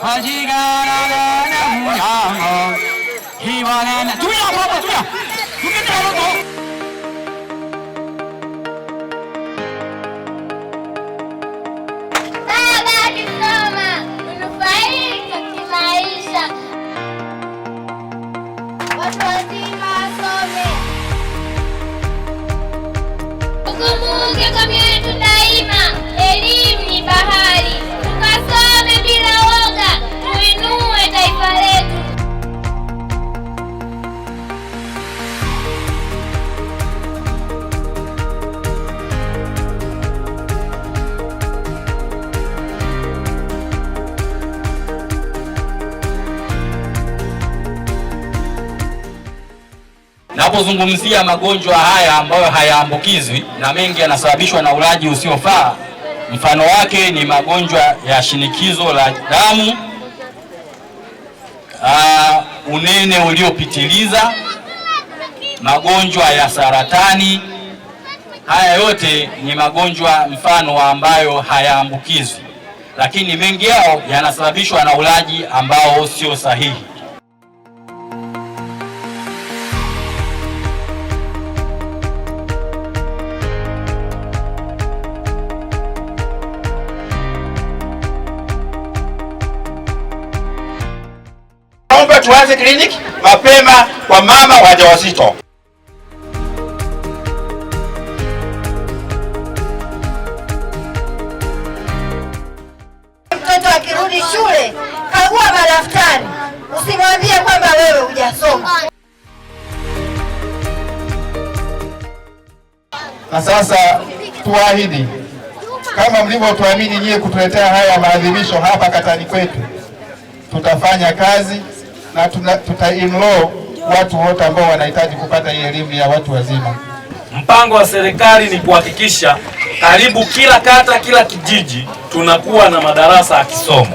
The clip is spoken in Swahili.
어지간하면 양어 희원은 두야 봐봐 두야 두개 들어가고 Kumbuke kwa mioyo yetu daima. Napozungumzia magonjwa haya ambayo hayaambukizwi na mengi yanasababishwa na ulaji usiofaa, mfano wake ni magonjwa ya shinikizo la damu, uh, unene uliopitiliza, magonjwa ya saratani. Haya yote ni magonjwa mfano ambayo hayaambukizwi, lakini mengi yao yanasababishwa na ulaji ambao sio sahihi. tuanze kliniki mapema kwa mama wajawazito. Mtoto akirudi shule, kagua madaftari, usimwambie kwamba wewe hujasoma. Na sasa tuahidi kama mlivyotuamini nyie kutuletea haya maadhimisho hapa katani kwetu, tutafanya kazi na tuta enroll watu wote ambao wanahitaji kupata hii elimu ya watu wazima. Mpango wa serikali ni kuhakikisha karibu kila kata, kila kijiji tunakuwa na madarasa ya kisomo.